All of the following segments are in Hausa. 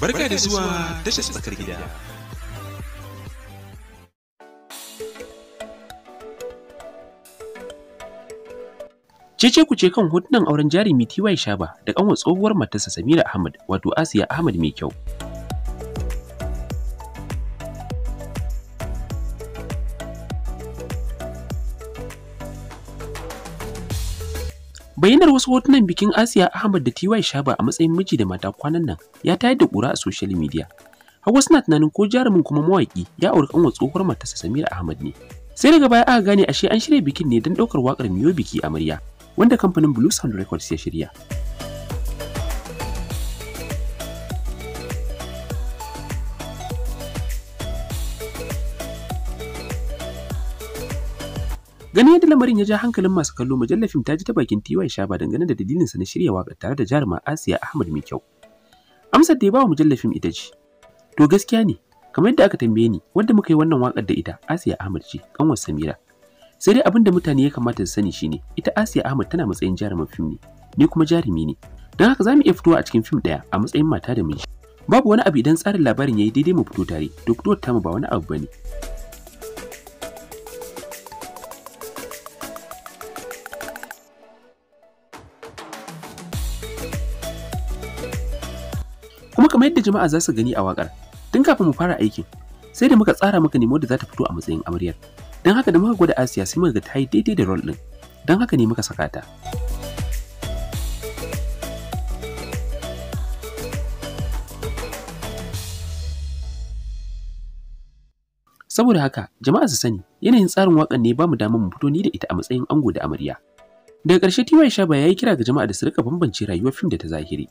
Barka da zuwa tashar tsakar gida. Cece ku ce kan hotunan auren jari jarumi TY Shaba da kanwar tsohuwar matarsa Samira Ahmad wato Asiya Ahmad mai kyau. Bayyanar wasu hotunan bikin Asiya Ahmad da TY Shaba a matsayin miji da mata kwanan nan ya tayar da ƙura a social media. Hawa suna tunanin ko jarumin kuma mawaƙi ya auri kanwa tsohuwar matarsa Samira Ahmad ne. Sai daga baya aka gane ashe an shirya bikin ne don ɗaukar waƙar miyo biki amarya wanda kamfanin Blue Sound Records ya shirya. gani yadda lamarin ya ja hankalin masu kallo mujallar fim ta ji ta bakin TY Shaba dangane da dalilinsa na shirya waƙar tare da jaruma Asiya Ahmad mai kyau. Amsar da ya bawa mujallar fim ita ce, To gaskiya ne, kamar yadda aka tambaye ni wanda muka yi wannan waƙar da ita Asiya Ahmad ce kanwar Samira. Sai dai abin da mutane ya kamata su sani shine ita Asiya Ahmad tana matsayin jarumin fim ne, ni kuma jarumi ne. Don haka za mu iya fitowa a cikin fim ɗaya a matsayin mata da miji. Babu wani abu idan tsarin labarin ya yi daidai mu fito tare, to fitowar tamu ba wani abu ba kamar yadda jama'a za su gani a wakar tun kafin mu fara aikin sai da muka tsara maka nemo da za ta fito a matsayin amaryar don haka da muka gwada asiya sai muka ga ta yi daidai da rol din don haka ne muka saka ta saboda haka jama'a su sani yanayin tsarin wakan ne ba mu damar mu fito ni da ita a matsayin ango da amarya daga ƙarshe tiwai shaba ya yi kira ga jama'a da su rika bambance rayuwar fim da ta zahiri.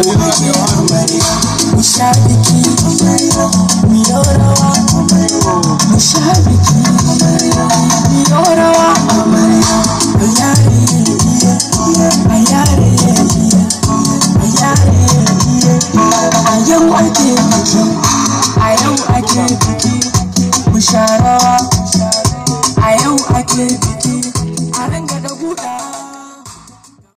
we shall be king. We are the one. We shall be king. We are the one. Ayare, yeah, I am I can't be king. I am I can't king. We shall. I am I king.